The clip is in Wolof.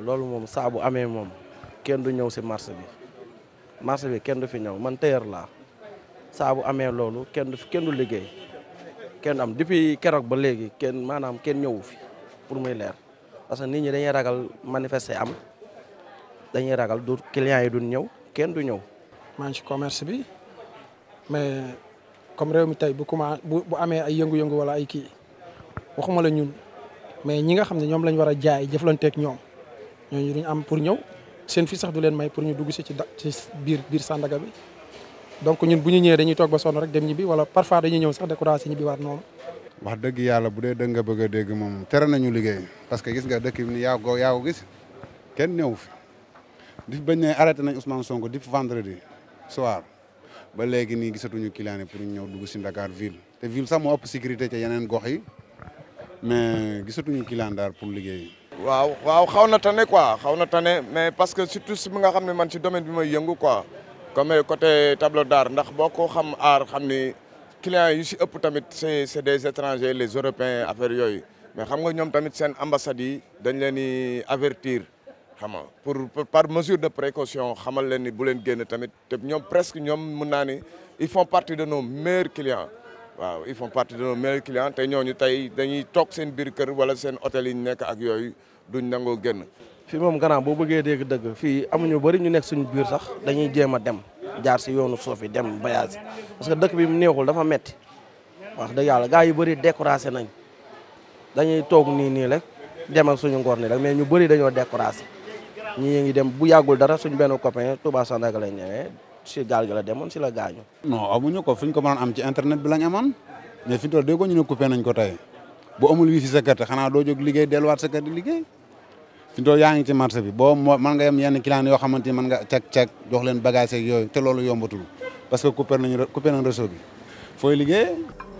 loolu moom saa bu amee moom kenn du ñëw si marché bi marché bi kenn du fi ñëw man tailleur laa saa bu amee loolu kenn du kenn du liggéey kenn am depuis keroog ba léegi kenn maanaam kenn ñëwu fi pour muy leer parce que nit ñi dañuy ragal manifester am dañuy ragal du clients yi duñ ñëw kenn du ñëw. maa commerce bi mais. comme réew mi tey bu commencé bu bu amee ay yëngu-yëngu wala ay kii waxuma la ñun mais ñi nga xam ne ñoom lañ war a jaay jëflanteeg ñoom ñooñu duñ am pour ñëw seen fii sax du leen may pour ñu dugg si ci ci biir biir Sandaga bi. donc ñun bu ñu ñëwee dañuy toog ba sonn rek dem ñibbi wala parfois dañuy ñëw sax découragé ñibbi waat noonu. wax dëgg yàlla bu dee dëgg nga bëgg a dégg moom tere nañu liggéey parce que gis nga dëkk bi ni yaa ko gis kenn ñëw fi di bañ ne arrêté nañ Ousmane Sonko di vendredi soir. ba léegi nii gisatuñu client yi pour ñu ñëw dugg si Dakar ville te ville sax moo ëpp sécurité ca yeneen gox yi mais gisatuñu client daal pour liggéey. waaw waaw xaw na tane quoi xaw na tane mais parce que surtout si mi nga xam ne man si domaine bi may yëngu ko comme côté tableau d'art ndax boo ko xam aar xam ni clients yi si ëpp tamit c'est c'est des étrangers les européens affaire yooyu mais xam nga ñoom tamit seen ambassades yi dañ leen di avertir. xam nga pour par mesure de précaution xamal leen ni bu leen génn tamit te ñoom presque ñoom mun naa il ils font partie de nos meilleurs clients waaw ils font partie de nos meilleurs clients te ñooñu tey dañuy toog seen biir kër wala seen hôtel ñu nekk ak yooyu duñ nangoo génn. fii moom gannaaw boo bëggee dégg dëgg fii amuñu bëri ñu nekk suñu biir sax dañuy jéem a dem jaar si yoonu suuf yi dem voyage parce que dëkk bi mu neexul dafa metti wax dëgg yàlla gars yu bëri découragé nañ dañuy toog nii nii rek demal suñu ngor nii rek mais ñu bëri dañoo découragé. ñii ngi dem bu yàggul dara suñ benn copain Touba Sandaga lañ ñëwee si gaal gi la demoon si la gaañu. non amuñu ko fuñ ko mënoon am ci internet bi lañ amoon mais fi ñu toll dégg ne coupé nañ ko tey bu amul wifi sa kër xanaa doo jóg liggéey delluwaat sa kër di liggéey fi ñu toll yaa ngi ci marché bi boo mën nga yem yenn client yoo xamante ni man nga cag cag jox leen bagage ak yooyu te loolu yombatul parce que coupé nañ coupé bi fooy liggéey